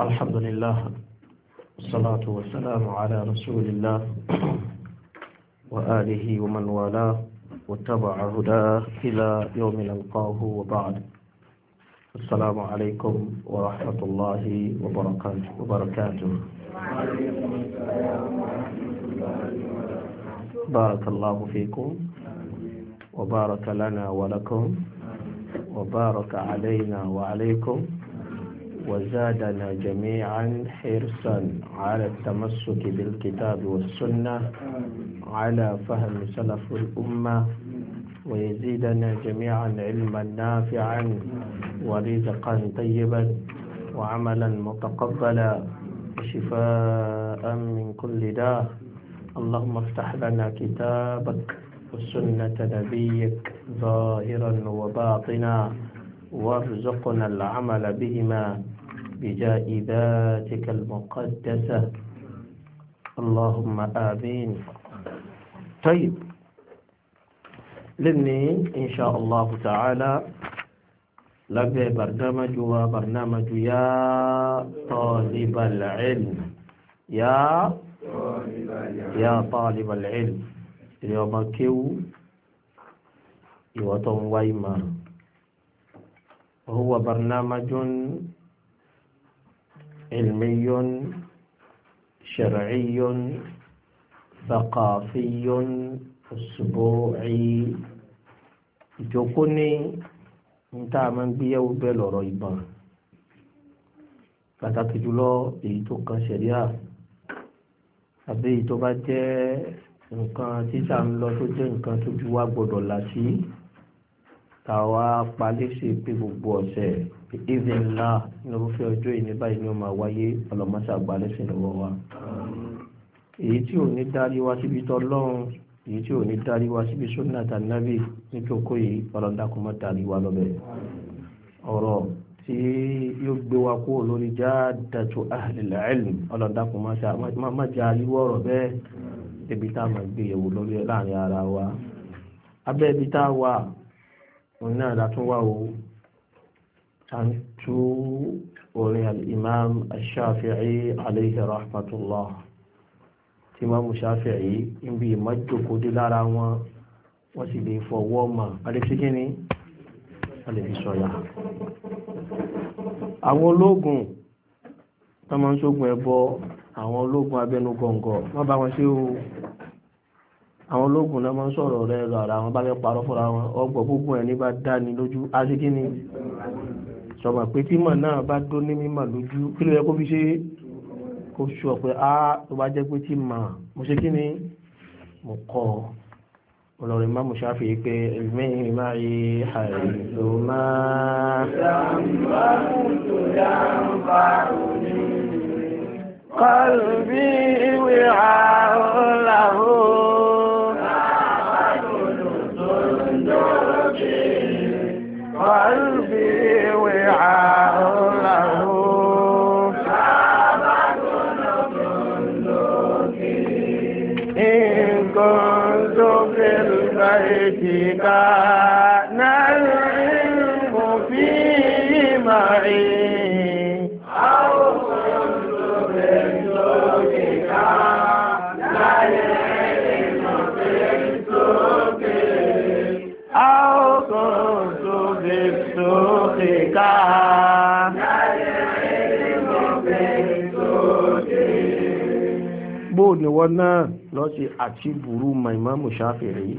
الحمد لله والصلاة والسلام على رسول الله وآله ومن والاه واتبع هداه إلى يوم نلقاه وبعد السلام عليكم ورحمة الله وبركاته وبركاته بارك الله فيكم وبارك لنا ولكم وبارك علينا وعليكم وزادنا جميعا حرصا على التمسك بالكتاب والسنة على فهم سلف الأمة ويزيدنا جميعا علما نافعا ورزقا طيبا وعملا متقبلا وشفاء من كل داء اللهم افتح لنا كتابك وسنة نبيك ظاهرا وباطنا وارزقنا العمل بهما بجاء المقدسة اللهم آمين طيب لني إن شاء الله تعالى لبي برنامج وبرنامج يا طالب العلم يا يا طالب العلم اليوم كيو يوطن ويمر وهو برنامج علمي شرعي ثقافي أسبوعي ìjókòóní níta máa ń gbéyàwó bẹ́ẹ̀ lọ́rọ̀ ìbọn pàtàkì jùlọ èyí tó kan ṣẹ̀ríà àbí èyí tó bá jẹ́ nǹkan títà ń lọ tó jẹ́ nǹkan tó ju wá gbọ́dọ̀ là sí. Si káwa paléṣe pé gbogbo ọ̀sẹ̀ ìdíje ńlá nírúfẹ́ ọjọ́ ìní báyìí ni ó máa wáyé ọlọ́mọṣà gbalẹ́sìn lọ́wọ́ wa. èyí tí ò ní dárí wá síbi tọ́lọ́run èyí tí ò ní dárí wá síbi sọ́nà tànàbì níjókòó yìí ọlọ́dàkùnmọ́ dárí wá lọ́bẹ̀. ọ̀rọ̀ tí yóò gbé wa kúrò lórí jáàdàtú ahlil ilm ọlọ́dàkùnmọ́ má jẹ́ ariwo ọ̀rọ̀ bẹ́ẹ̀ débi tá a máa gbé yẹ̀wò lórí láàrin ara wa. abẹ́ ibi tá a wà òun náà látún wà ó tàǹtú orin al-imam ash-shafi'i alayhi rahmatullah tí imam shafi'i ń bí ìmọ̀jòkó dé lára wọn wọ́n sì lè fọwọ́ mọ̀ alẹ́síkí ni wọ́n lè fi sọ̀yà. àwọn ológun tó máa ń ṣógun ẹbọ àwọn ológun abẹnugọ̀ngọ̀ wọ́n bá wọn ṣe o àwọn ológun náà máa ń sọ̀rọ̀ rẹ lọ ara wọn bá fẹ́ parọ́ fúnra wọn ọgbọ̀n gbogbo ẹ̀ bá dáni lójú aṣíkíní sọ̀mọ̀ pé tímọ̀ náà bá dó ní mímọ̀ lójú kí ló yẹ kó fi ṣe kó ṣù ọ̀pẹ́ á tó bá jẹ́ pé tí mà mo ṣe kí ni mo kọ́ ọlọ́rin má mo ṣáfi pé ẹ̀mí má yí àìsò máa. قلبي وعاء له كان العلم في معي أو كنت بجودك لا العلم في أو كنت بجودك bóò ni wọ́n náà lọ sí àti burú mọ̀ ìmáàmù Ṣáfi'í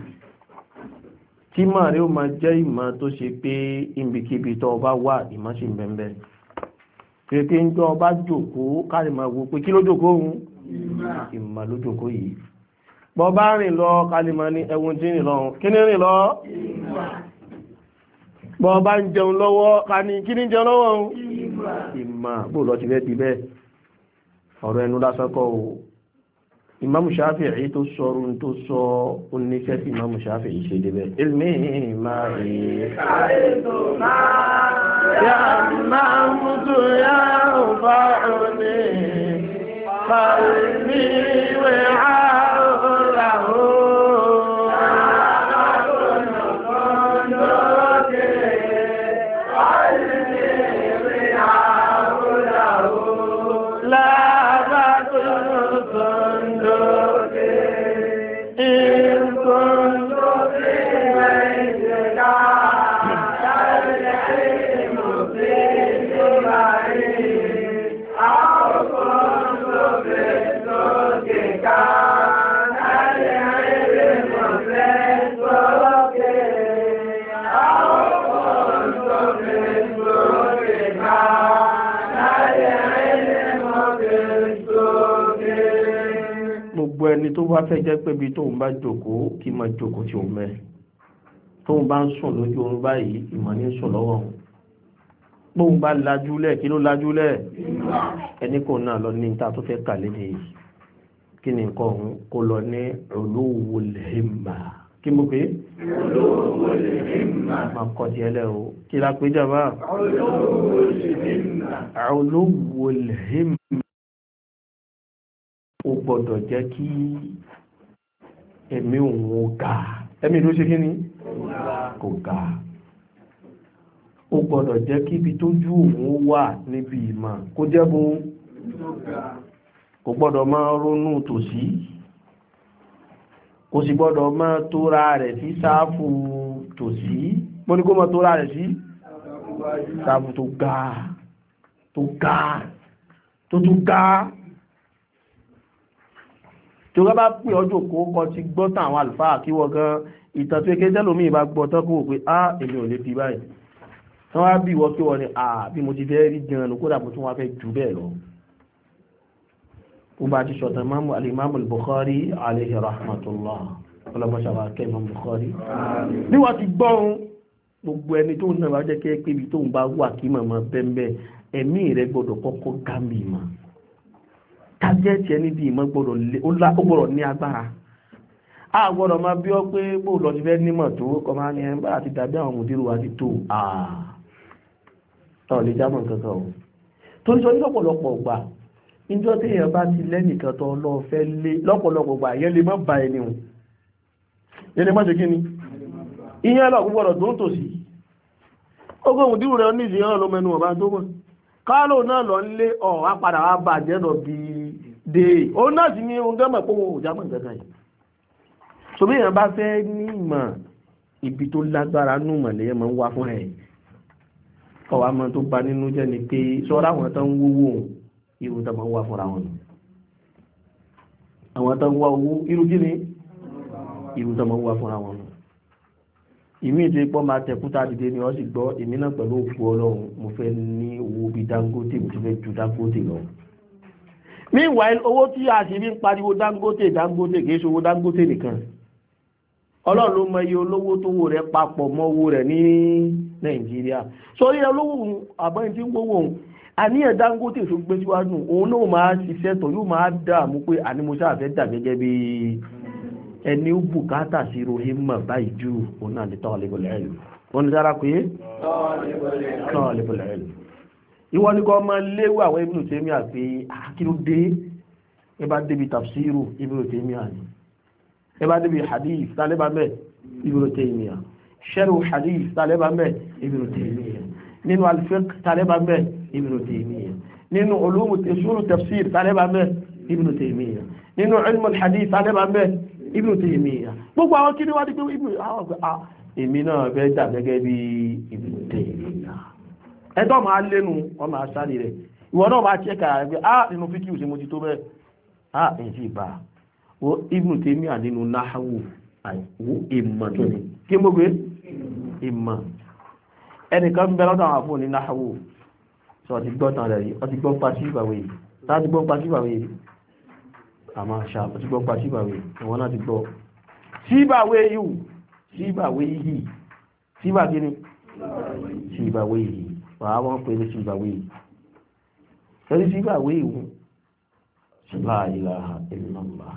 tí máa rí ó máa jẹ́ ìmọ̀ tó ṣe pé ibikíbi tó ọba wà ìmọ̀ sì ń bẹ̀m̀bẹ̀ pèpè ń jọ ọba jòkóó káàrí máa wo pé kí ló jòkóó òun ìmọ̀ ló jòkóó yìí bọ́ bá rìn lọ káàrí máa ní ẹ̀wọ̀n tí rìn lọ kí ni rìn lọ bọ́ bá ń jẹun lọ́wọ́ ká ní kí ni jẹun lọ́wọ́ òun ìmọ̀ bó lọ ti fẹ́ ti bẹ́ẹ̀ ọ̀rọ̀ ẹnu lásán kọ́ imam ṣáfìí tó sorun orun tó sọ oníṣẹ́ tí imam ṣáfìí ṣe débẹ̀ ilmi máa rí àìtò máa yá máa mú yá ò bá òní fa fẹ́ jẹ́ pé bí tóun bá jókòó kí máa jókòó tí òun mẹ́ tóun bá ń sùn lójú oorun báyìí ìmọ̀ ní sùn lọ́wọ́ òun bóun bá lajúlẹ̀ kí ló lajúlẹ̀ ẹni kò náà lọ ní ta tó fẹ́ kà lédè yìí kí ni nǹkan òun kó lọ ní ulul himma kí mo pé ulul himma máa kọ́ di ẹlẹ́ o kí la pé jàmbá ulul himma ulul himma ó gbọ́dọ̀ jẹ́ kí ẹ̀mí òun ò ga ẹ̀mí ló ṣe kí ni kò ga ó gbọ́dọ̀ jẹ́ kí ibi tó jú òun wà níbi ìmọ̀ kó jẹ́ bó kò gbọ́dọ̀ máa ronú tòsí kò sì gbọ́dọ̀ máa tóra rẹ̀ sí sáfù tòsí mo ní kó máa tóra rẹ̀ sí sáfù tó ga tó ga tó tún ga tí wọ́n bá pè ọjọ́ kó kọ́ ti gbọ́ tán àwọn àlùfáà kí wọ́n gan ìtàn tó ké tẹ́lómi ìbá gbọ́ tán kó pé á ah, èmi ò lè bí báyìí tí wọ́n á bí wọ́n kí wọ́n ni à ah, bí mo ti fẹ́ rí gan-an kódà mo tún wá fẹ́ jù bẹ́ẹ̀ lọ. ó bá ti sọ̀tàn máàmù alimami Bukhari alayhi rahmatullah ọlọ́mọṣàwà kẹ́mọ̀ Bukhari. bí wọ́n ti gbọ́ ohun gbogbo ẹni tó ń náà wá jẹ́ kẹ́ pé tó ń bá wà kí màmá bẹ́ẹ̀ bẹ́ẹ̀ tágẹ́ẹ̀tì ẹ níbi ìmọ̀ gbọ́dọ̀ ní agbára a gbọ́dọ̀ máa bí ọ pé bó lọ ti fẹ́ nímọ̀ tó kọ́ máa ní ẹ bá àti dàbí àwọn mùdírù wa ti tó àà lè jámọ̀ kankan o torí sọ ní lọ́pọ̀lọpọ̀ ọgbà níjọ́ tí èèyàn bá ti lẹ́nìkan tó lọ fẹ́ lé lọ́pọ̀lọpọ̀ ọgbà yẹn lè má ba ẹni o yẹn lè má ṣe kí ni ìyẹn lọ gbọ́dọ̀ tó ń tòsí ogun mùdírù rẹ ní ìsìn ọlọmọ ẹnu ọba tó mọ káàlò náà lọ ń lé ọ̀ wá padà wá bàjẹ́ lọ bíi dé ó náà sì ní ohun gẹ́mọ̀ pé wọn ò já mọ̀ nǹkan yìí so bí èèyàn bá fẹ́ ní ìmọ̀ ibi tó lágbára nù mọ̀lẹ́ ẹ̀ máa ń wá fún ẹ̀ ọwọ́ àmọ́ tó bà nínú jẹ́ ni pé sọ́ra àwọn tó ń wówó irú tó máa ń wá fúnra wọn àwọn tó ń wá owó irú kí ni irú tó máa ń wá fúnra wọn ìmí ìdí pọ́ máa tẹ̀kúta dìde ni wọ́n sì gbọ́ èmi náà pẹ̀lú òkú ọlọ́run mo fẹ́ ní owó bíi Dangote mo tún fẹ́ ju Dangote lọ meanwhile owó tí a sì fi ń pariwo dangote dangote kìí ṣe owó dangote nìkan ọlọ́run ló mọ iye olówó tó wò rẹ̀ papọ̀ mọ́ owó rẹ̀ ní nàìjíríà so iye olówó òun àbọ̀yìn tí ń gbówó òun àníyàn dangote tó gbé síwájú òun náà máa ṣiṣẹ́ tọ̀ yóò máa dààmú pé ànímọ́ṣá àfẹ́ dà gẹ́gẹ́ bí ẹni ó bùkátà sí rohimma báyìí ju òun náà ní tọ́ọ̀lẹ́bọ̀lẹ́ẹ̀lù wọn ni sára pé tọ́ọ̀lẹ́bọ̀lẹ́ẹ̀lù ìwọ ní kọ́ máa léwu àwọn Ibn Taymiyyah àti akílódé ah, ẹ bá débi tafsiru Ibn Taymiyyah ni ẹ bá débi hadith tálẹ́bà mẹ́ Ibn Taymiyyah sharh hadith tálẹ́bà mẹ́ Ibn Taymiyyah nínú al-fiqh tálẹ́bà mẹ́ Ibn Taymiyyah nínú olóòmù tẹ̀sùrù tafsir tálẹ́bà mẹ́ Ibn Taymiyyah nínú ilmu hadith tálẹ́bà mẹ́ Ibn Taymiyyah gbogbo àwọn kí ni wá dé pé Ibn Taymiyyah èmi náà fẹ́ dà gẹ́gẹ́ bí Ibn Taymiyyah ẹjọ́ máa lẹ́nu ọmọ àṣàlì rẹ̀ ìwọ náà máa ṣẹ́kà rẹ̀ ah inú fíkì sí mo ti tó bẹ́ẹ̀ ah èyí ìbá o ibùn tèmi àdínú náhàwù àìkú ìmọ̀ tó ní kí mo gbé ìmọ̀ ẹnìkan bẹ lọ́dọ̀ àwọn àfún ní náhàwù sọ ọtí gbọ́ tán rẹ̀ yìí ọtí gbọ́ pa sí ìbàwẹ̀ yìí láti gbọ́ pa sí ìbàwẹ̀ yìí àmọ́ àṣà ọtí gbọ́ pa sí ìbàwẹ̀ yìí ìwọ náà ti gbọ́ síbàwẹ̀ yìí síbàwẹ̀ yìí síbà kí ni síbàwẹ̀ yìí wàá wọ́n pè ní ṣùgbàwé torí ṣùgbàwé ìwú ṣùgbà ìlàhà ìlànà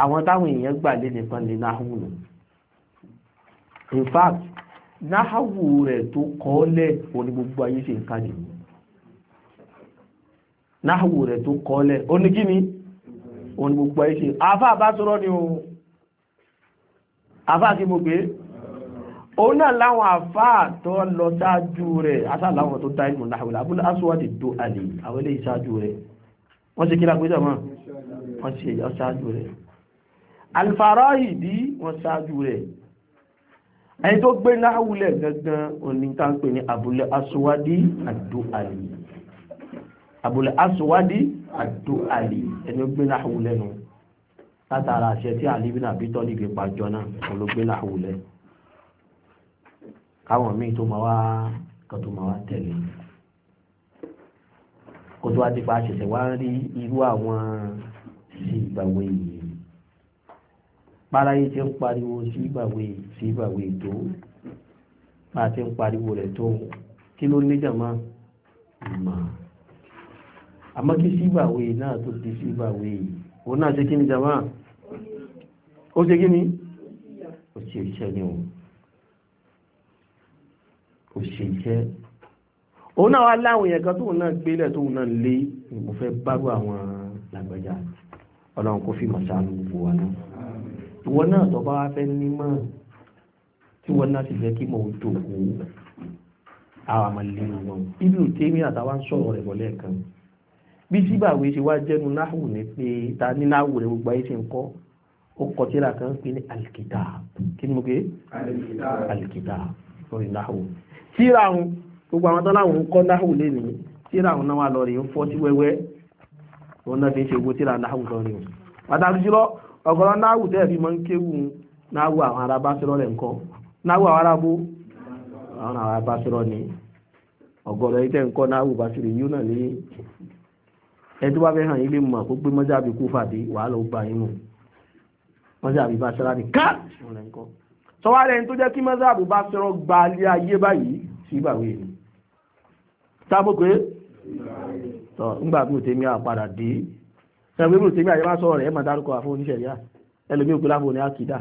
àwọn táwọn èèyàn gbà lé nìkan ní náhùn nù in fact náhàwù rẹ̀ tó kọ́ọ́lẹ̀ òní gbogbo ayé ṣe ń kájù náhàwù rẹ̀ tó kọ́ọ́lẹ̀ òní kí ni òní gbogbo ayé ṣe àfáà bá sọ̀rọ̀ ni o àfáà kí mo pè òun náà láwọn àfáà tó lọ sáájú rẹ̀ asáàláwọn tó dá ìmọ̀ láhùlá abúlé aṣọ́wádìí tó àlè àwọn ilé ìsáájú rẹ̀ wọ́n ṣe kíra pẹ́jọ́ wọn wọ́n ṣe ìsáájú rẹ̀ Al-Farahidi wọ́n sáájú rẹ̀ ẹni tó gbé láhùlẹ̀ gangan òní tá ń pè ní abúlé aṣọ́wádìí àdó àlè abúlé aṣọ́wádìí àdó àlè ẹni tó gbé láhùlẹ̀ nù látara àṣẹ tí àlè bí nàbítọ́ níbi pàjọ náà káwọn míì tó máa wá kan tó máa wá tẹ̀lé kó tó wá ti pa ṣẹ̀ṣẹ̀ wá rí irú àwọn sí ìgbàgbé yìí páráyé ti ń pariwo sí ìgbàgbé sí ìgbàgbé tó bá a ti ń pariwo rẹ̀ tó kí ló ní jàmá ìmọ̀ àmọ́ kí sí ìgbàgbé náà tó di sí ìgbàgbé òun náà ṣe kí ni jàmá ó ṣe kí ni ó ṣe iṣẹ́ ni òun kò ṣe iṣẹ́ òun náà wá láwọn èèyàn kan tóun náà gbélẹ̀ tóun náà lé mo fẹ́ bárú àwọn làgbàjá ọlọ́run kó fi mọ̀sánú gbogbo wa náà ìwọ náà tó bá wá fẹ́ nímọ̀ tí wọ́n náà sì fẹ́ kí mo tó kú àwọn àmọ́ lé wọn ibi ò tèmi àtàwọn sọ̀rọ̀ rẹ̀ bọ́lẹ̀ kan bí síbàwé ṣe wá jẹ́nu náhù ní pé ta ní náhù rẹ̀ gbogbo ayé ṣe ń kọ́ ó kọ tíra kan pé ní alkitab kí ni mo pé alkitab sọ́rí náhù tíra àwọn gbogbo àwọn tán láwọn ń kọ́ náhù lé ní tíra náà wà lọ ń wẹ́wẹ́ wọn náà fi ń ṣe owó tíra náhù lọ rí pàtàkì jùlọ ọ̀gọ̀rọ̀ náhù tẹ́ẹ̀ fi máa ń kéwù náhù àwọn ará náhù àwọn ará bó àwọn ará ni sọwárẹ́ ní tó jẹ́ kí mọ́sáàbù bá sọ̀rọ̀ gba alẹ́ ayé báyìí sí ìgbàwé ni sábò pé tọ́ ńgbà bí òtẹ́mi àpadà dé sẹ́gbẹ́ bí òtẹ́mi àyẹ́bá sọ̀rọ̀ rẹ̀ ẹ̀ máa dárúkọ àfọ oníṣẹ̀ríà ẹlòmí òpè láfọ oní àkìdá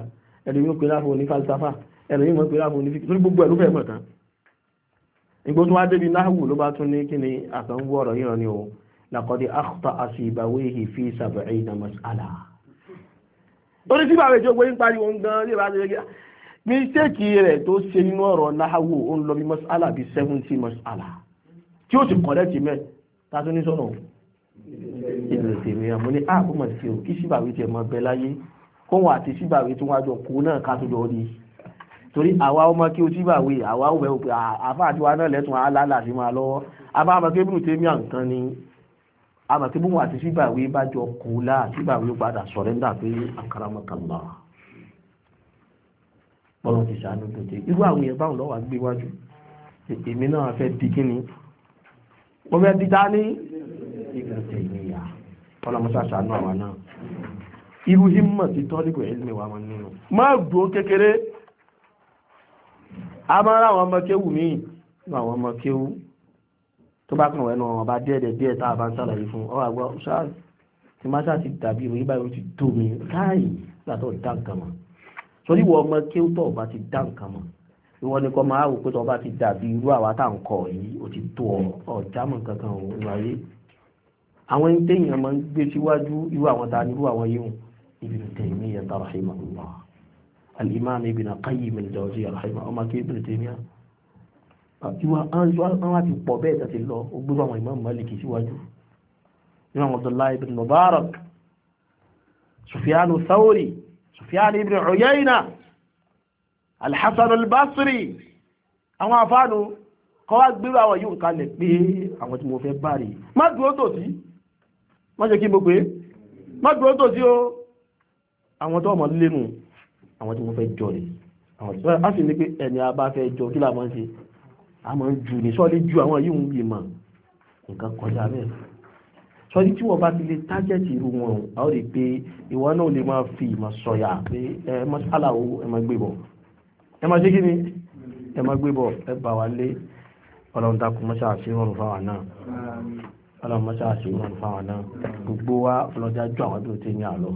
ẹlòmí òpè láfọ oní falsafa ẹlòmí òpè láfọ oní fífi torí gbogbo ẹ̀ ló fẹ́ mọ̀ tán ìgbó tó wá débi náhù mistake rẹ̀ tó ṣe nínú ọ̀rọ̀ náhàwó ó ń lọ bí masala bíi seventy masala tí ó ti correct mẹ́ tàbí ní sọ̀rọ̀ ìbẹ̀rẹ̀ tèmi àmọ́ ní ààbò ah, mọ̀ sí o kí síbàwí tẹ̀ mọ́ bẹ láyé kóhun àti síbàwí tí wọ́n á jọ kó náà ká tó jọ rí torí àwa ọmọ kí o síbàwí àwa ò bẹ̀rù ah, àfa àti wa náà lẹ́tùn alálà sí máa lọ́wọ́ abáàmọ̀ kébùrù tèmi àǹkan ni àmọ̀ kébùrù àti síbàwí bá jọ kó láà síbàwí padà sọ̀rẹ́ńdà pé àkàràmọ̀kànlá bọ́lọ̀ ti ṣàánú tó dé irú àwọn èèyàn báwọn lọ́wọ́ gbé wájú èmi náà fẹ́ di ni mo fẹ́ di dání ìgbà tẹ̀yìn ìyá ọlọ́mọṣà ṣàánú àwọn náà irú himmọ̀ ti tọ́ nígbà ẹ̀lmì wa mọ̀ nínú má dúó kékeré a máa rá àwọn ọmọ kéwù ní inú àwọn ọmọ kéwù tó bá kàn wẹ́nu ọmọ bá díẹ̀dẹ̀ díẹ̀ tá a bá ń sàlàyé fún ọ àgbà ṣáà ti má ṣáà ti dàbí ìròyìn báyìí ó ti tó mi káàyè látọ̀ dá nǹkan mọ́ torí wọ ọmọ kí ó tọ̀ bá ti dá nǹkan mọ̀ ìwọ ni kọ́ máa wò pé tọ́ bá ti dàbí irú àwa tá à ń kọ yìí ó ti tó ọ̀já mọ̀ kankan òun ayé àwọn ẹni téèyàn máa ń gbé síwájú irú àwọn ta ni irú àwọn yìí Ibn Taymiyyah rahimahullah al-Imam Ibn Qayyim al-Jawziyya rahimahullah ọmọ kí Ibn Taymiyyah ìwà àwọn àti pọ̀ bẹ́ẹ̀ tàti lọ ogbúrú àwọn Imam Maliki síwájú ìwọ̀n Abdullahi ibn Mubarak Sufyanu Thawri Sufyan ibn عيينة الحسن البصري al-Basri àwọn afáànù kọ́ wá gbérò àwọn yóò kalẹ̀ pé àwọn tí mo fẹ́ bá rí má dúró tòsí má ṣe kí mo pé má dúró tòsí o àwọn tó ọmọ lẹ́nu àwọn tí mo fẹ́ jọ rẹ̀ àwọn tí wọ́n á sì ní pé ẹni a bá fẹ́ jọ kí làwọn ṣe a máa ju ní sọ́ọ́lé ju àwọn yìí ń yìí nǹkan kọjá bẹ́ẹ̀ sọ́dí tí wọ́n bá ti lè tájẹ̀tì irú wọn a ó rí i pé ìwọ náà lè máa fi ìmọ̀ sọ̀yà pé ẹ mọ́sálà o ẹ máa gbé bọ̀ ẹ máa ṣe kí ni ẹ máa gbé bọ̀ ẹ bá wa lé ọlọ́run dákun mọ́ṣá àṣírọ̀rùn fáwọn náà ọlọ́run mọ́ṣá àṣírọ̀rùn fáwọn náà gbogbo wa ọlọ́jà jọ àwọn tó ti ní àlọ́.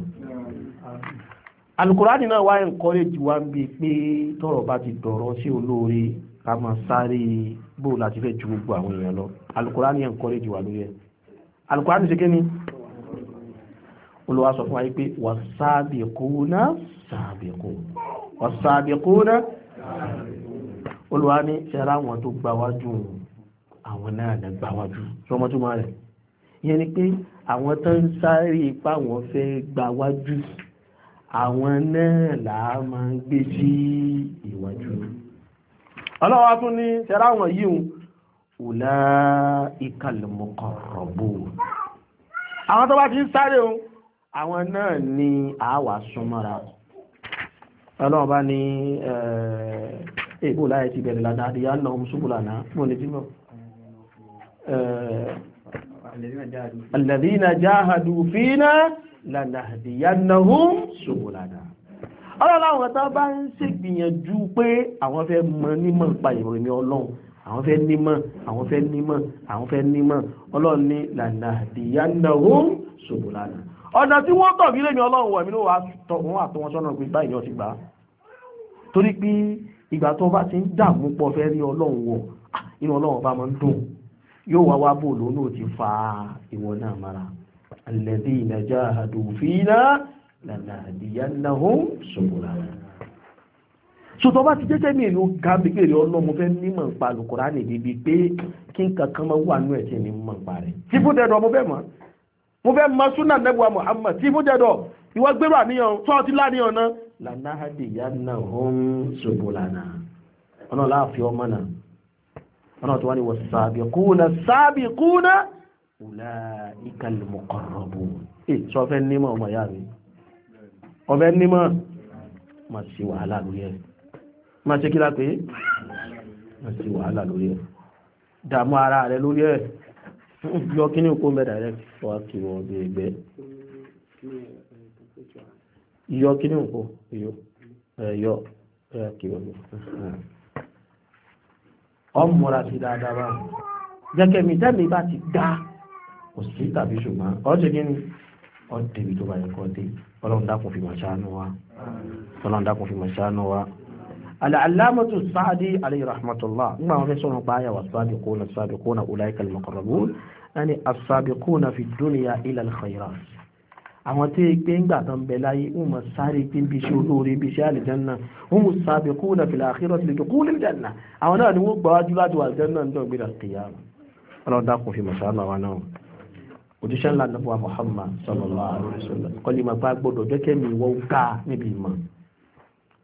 alukurani náà wá encourage wa ń bi pé tọrọ bá ti dọ̀rọ̀ sí olóore ká máa sáré bó láti fẹ́ ju gbogbo àwọn èèyàn lọ alukurani encourage wa lórí ẹ̀ alùkùránì ṣe kí ni olùwà sọ fún wa yìí pé wàsáàbìkúnà sàbìkún wàsáàbìkúnà olùwà ní ṣẹ́ra àwọn tó gbáwájú àwọn náà lẹ gbáwájú sọmọtúmọ̀ rẹ̀ ìyẹn ni pé àwọn tó ń sáré ipá wọn fẹ́ gbáwájú àwọn náà làá máa gbé sí ìwájú ọlọ́wà tún ní ṣẹ́ra àwọn yìí ulaika al-muqarrabun àwọn tó bá ti ń sáré o àwọn náà ni àwà súnmọ́ra ọlọ́run bá ní èbò láyé ti bẹ̀rẹ̀ lánàá àdìyá náà mú ṣubú lánàá mú ní tí mọ́ alladhina jahadu fina lanahdiyannahum subulana ọlọ́run àwọn tó bá ń ṣègbìyànjú pé àwọn fẹ́ mọ nímọ̀ nípa ìròyìn ọlọ́run àwọn fẹ́ nímọ̀ àwọn fẹ́ nímọ̀ àwọn fẹ́ nímọ̀ ọlọ́run ní lànà àdìyánnahum subulana ọ̀nà tí wọ́n tọ̀ nílé mi ọlọ́run wọ̀ mí ló wà tó wọn sọ́nà pé báyìí ọtí gbà torí pé ìgbà tó bá ti ń dààmú pọ̀ fẹ́ rí ọlọ́run wọ̀ ah, inú ọlọ́run bá máa ń dùn yóò wá wá bò lónà ti fa ìwọ náà mara alladhina jahadu fina lànà àdìyánnahum subulana sọtọ́ bá ti jẹ́jẹ́ mi ìlú kábíyèrè ọlọ́mọ fẹ́ mímọ̀ ń pa Al-Kùránì níbi pé kí n kankan máa wà nú ẹ̀sìn ní mọ̀ ń pa rẹ̀ tí fún dẹ̀dọ̀ mo fẹ́ mọ̀ mo fẹ́ mọ súnà nẹ́bùwà Muhammad tí fún dẹ̀dọ̀ ìwọ gbérò àníyàn sọ́ọ̀tì láníyàn náà lànà àdìyà náà hàn ṣòbò lànà ọ̀nà láàfin ọmọ náà ọ̀nà tó wà ní wọ́n sàbíkúnà sàbíkúnà ulaika al-muqarrabun eh so fẹ́ nímọ̀ ọmọ ìyá ma ṣe kí lápé ma ṣe wàhálà lórí ẹ̀ dààmú ara rẹ̀ lórí ẹ̀ yọ kí ní okó mẹ́ta rẹ̀ wá kí wọ́n bí ẹgbẹ́ yọ kí ní okó yọ yọ kí wọ́n bí ọmọra sí dáadáa bá jẹ́kẹ̀mí tẹ́mi bá ti dá òsì tàbí ṣùgbọ́n ọ̀ṣẹ́ kí ni ọ̀dẹ̀bí tó bá yẹ kọ́ dé ọlọ́run dákun fi mọ̀ ṣáánú wa ọlọ́run dákun fi mọ̀ ṣáánú wa alàlámọ́tò sáàdì alayhi rahmatullah nígbà wọn fẹ́ sọ̀rọ̀ pa àyàwó sábìkúnà sábìkúnà ulaika al-muqarrabun ẹni asábìkúnà fi dunya ila al-khayrat àwọn tí gbé ńgbà tán bẹ láyé ń mọ sáré pé bí iṣẹ́ olóore bí iṣẹ́ àlìjánná ń mú sabiquna fil akhirati lè dùkú lè jánná àwọn náà ni wọ́n gbọ́ wájú láti wà àlìjánná ń dọ̀gbé la qiyama ọlọ́dà kò fi mọ̀sánà wa náà òjíṣẹ́ ńlá nàbọ̀ Muhammad sallallahu alaihi wasallam kọ́lé máa gbá gbọ́dọ̀ mi wọ́n ká níbi ìmọ̀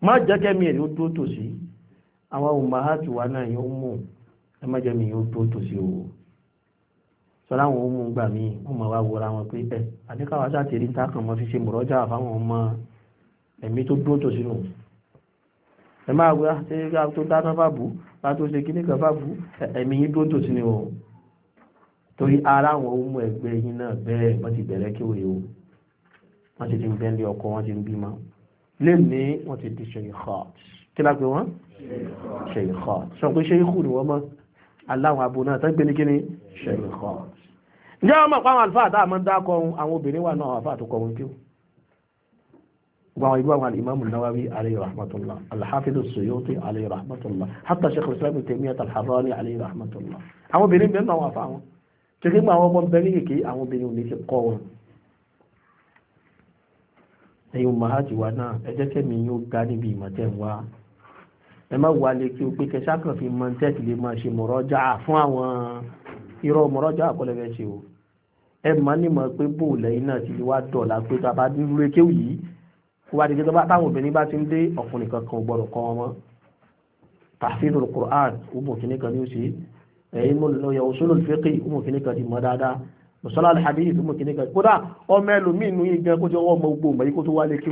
má jẹ́kẹ́ mi ẹ̀ ló tó tòsí àwọn òmàhátì wa náà yóò mú ẹ má jẹ́ mi yóò tó tòsí o sọ́lá àwọn ohun gbà mí wọ́n máa wá wọra wọn pé ẹ àdékáwá sátìrí ta kàn mọ́ fi ṣe mọ̀rọ́jà fáwọn ọmọ ẹ̀mí tó dúró tòsí nù ẹ máa wá ah, ṣe tó dáná fàbù bá tó ṣe kíní kan fàbù ẹ̀mí yín dúró tòsí ni o torí ara àwọn ohun ẹgbẹ́ yín náà bẹ́ẹ̀ wọ́n ti bẹ̀rẹ̀ kéwòye wọ́n ti ń bẹ́ńlẹ̀ ọkọ wọ́n ti ń bímọ lénìí wọ́n ti di ṣèyíkọ́t kí lápẹ́ wọ́n ṣèyíkọ́t sọ pé ṣèyíkù ni wọ́n mọ́ aláwọn abo náà tán gbé ní kíni ṣèyíkọ́t ǹjẹ́ wọ́n mọ̀ pé àwọn àlùfáà tá a máa ń dákọ̀ ohun àwọn obìnrin wà náà àwọn tó kọ̀ wọn kí وعن إمام الإمام النووي عليه رحمة الله الحافظ السيوطي عليه رحمة الله حتى شيخ الإسلام ابن تيمية الحراني عليه رحمة الله àwọn obìnrin bẹ́ẹ̀ náà wà fáwọn ṣe kí n bá àwọn ọmọ bẹ́ẹ̀ ní ẹ̀yin mahajì wa náà ẹ jẹ́ kẹ́mi yóò ga níbi ìmọ̀tẹ́ wa ẹ má wálé kí o pé kẹsà kan fi mọ tẹ́ẹ̀tì lè máa ṣe mọ̀rọ́jà fún àwọn irọ́ mọ̀rọ́jà àkọlẹ́fẹ́ ṣe o ẹ mọ̀ ní mọ̀ pé bò lẹ́yìn náà ti wá dọ̀la pé tá a bá dúró lé yìí kó bá dìgbẹ́ táwọn obìnrin bá ti ń dé ọkùnrin kankan ò gbọ́dọ̀ kọ́ wọn mọ́ tàfíìnù Qur'an ó mọ̀ kíní kan ní ó ṣe ẹ̀yin mọ̀ lọ́yà mùsọ́lá alhadith mú kìíní kan kódà ọmọ ẹlòmíì nù yín gan kó jẹ́ ọmọ gbogbo mọ̀ yìí kó tó wá lékí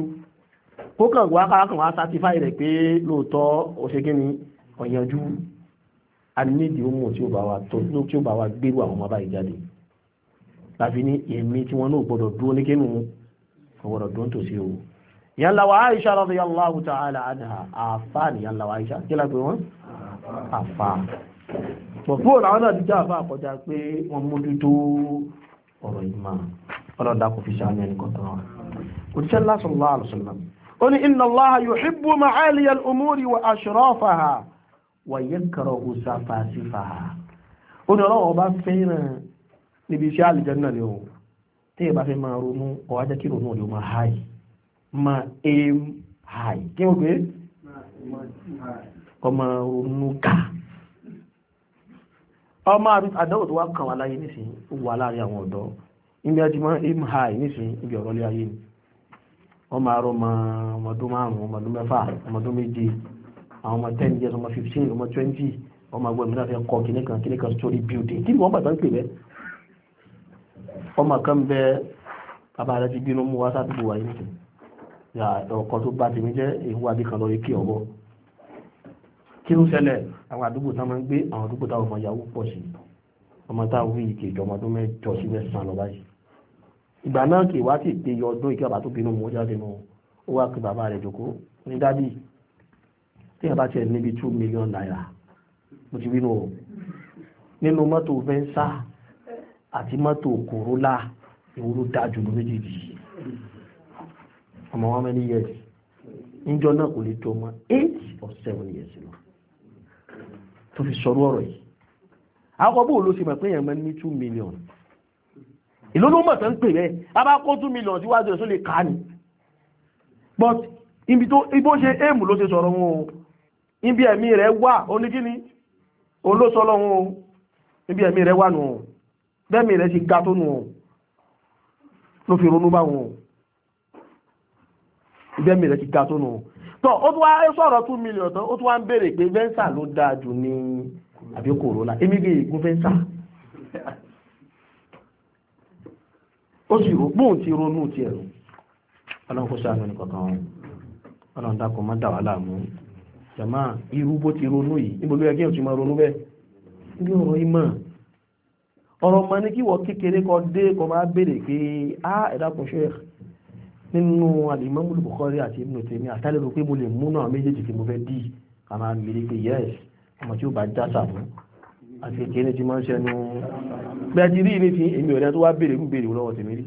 kó kàn wá kárakàn wá sátífáì rẹ̀ pé lóòótọ́ òṣèké ni ọ̀yànjú anídìí ó mú tí ó bá wa tó tí ó bá wa gbérú àwọn ọmọ báyìí jáde láfi ní èmi tí wọn náà gbọdọ̀ dúró ní kínú ọgbọdọ̀ dúró tòsí o yàlàwà Aisha radiyallahu ta'ala anha àfáà ni yàlàwà Aisha kí pọ̀pọ̀ làwọn náà ti jáàbá àkọjá pé wọ́n mójútó ọ̀rọ̀ ìmá ọlọ́dà kò fi ṣàánú ẹnì kọ̀ọ̀kan wa òjíṣẹ́ lásọ̀lá àlùsọ̀lá ó ní inna Allaha yuhibbu ma'aliyal umuri wa ashrafaha wa yakrahu safasifaha ó ní ọlọ́wọ́ kí ronú ọ̀dọ̀ máa aim high ọmọ ronú ọmọ àdáwò tó wá kàn wá láyé nísìnyí ó wà láàrin àwọn ọ̀dọ́ ibi ajimọ́ imha nísìnyí ibi ọ̀rọ̀ lé ayé ni wọ́n máa rọ ọmọ ọmọdún márùn-ún ọmọdún méje àwọn ọmọ ten years ọmọ fifteen ọmọ twenty ọmọ àgbọ̀ ìmúdá fẹ́ kọ́ kíní kan kíní kan story building kí ni wọ́n bàtà ń pè bẹ́ẹ̀ ọmọ kan bẹ bàbá rẹ ti gbinú mú wá sábìbò wáyé nìkan ọkọ̀ tó bá tèmi jẹ́ èèwọ̀ kí ló ṣẹlẹ̀ àwọn àdúgbò tá máa ń gbé àwọn àdúgbò táwọn ọmọ yahoo pọ̀ sí ọmọ táwọn wí ìkè ìjọba tó mẹ́jọ sí mẹ́sàn-án lọ báyìí ìgbà náà kì wá sí ìpè yọ ọdún ìkẹ́ bàbá tó bínú mọ́ jáde nù ó wá pé bàbá rẹ̀ jòkó ní dádì tí a bá tiẹ̀ níbi two million naira mo ti wínú o nínú mọ́tò Venza àti mọ́tò Corolla ìwúrú dájú ló méjèèjì ọmọ wọn mẹ́ni yẹ́sì níjọ náà kò lè tó ọmọ eight or seven years lọ tó fi sọ̀rọ̀ ọ̀rọ̀ yìí àwọn bóòlù ló ṣe mọ̀ pé èèyàn ní two million ìlú ló mọ̀ tó ń pè bẹ́ẹ̀ a bá kó two million síwájú ẹ̀ tó lè ká ni but ibi tó ibo ṣe éèmù ló ṣe sọ̀rọ̀ wọn o ibi ẹ̀mí rẹ̀ wà oníkíní olóṣọlọ wọn o ibi ẹ̀mí rẹ̀ wà nù o bẹ́ẹ̀mí rẹ̀ ṣe ga tó nù o ló fi ronú bá wọn o bẹ́ẹ̀mí rẹ̀ ṣe ga tó nù o tọ́ ó tún wá sọ̀rọ̀ two million tán ó tún wá ń pé venza ló dáa jù ní àbí corona èmi venza ó sì rò ti ronú tiẹ̀ rò ọlọ́run kó sáà lónìí kankan ọlọ́run dákun má dà láàmú jàmá irú bó ti ronú yìí níbo ló yẹ kí èèyàn máa ronú kọ dé máa pé á ẹ̀dá kò ṣe nínú alimami Bukhari àti Ibn Taymi àtàlẹ́rò pé mo lè múnú àwọn méjèèjì tí mo fẹ́ dì a máa mèrè pé yes ọmọ tí ó bá já sàmú àti kékeré tí máa ń ṣẹnu bẹ́ẹ̀ ti rí ní fi èmi ọ̀rẹ́ tó wá béèrè ń béèrè lọ́wọ́ tèmi rí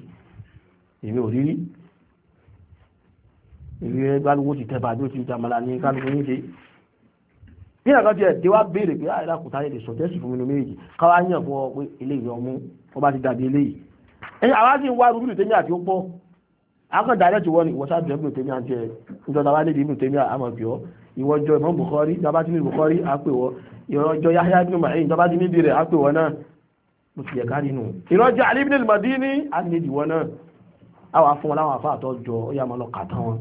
èmi ò rí rí èmi rẹ gbálùwò ti tẹ́ bàjọ́ ti jàmàlà ní kálukú ní ṣe bí àkọ́ tiẹ̀ tí wá béèrè pé àìlá ah, kùtà lè sọ̀tẹ́sì fún mi ní méjì akọ̀ direct wọ́n ni ìwọ́sá jọ ibùn tèmi àti ẹ̀ ìjọba wa níbi ibùn tèmi àmọ̀ bí ọ́ ìwọ́jọ́ ìmọ̀ Bukhari ìjọba tí ní Bukhari àpè wọ́ ìrọ̀jọ́ Yahya ibn Ma'in ìjọba tí níbi rẹ̀ àpè wọ́ náà mo ti yẹ kárí nù ìrọ̀jọ́ Ali ibn al-Madini àníbi wọ́ náà àwọn afún wọn láwọn afáàtọ̀ jọ ó yà máa lọ kàtà wọn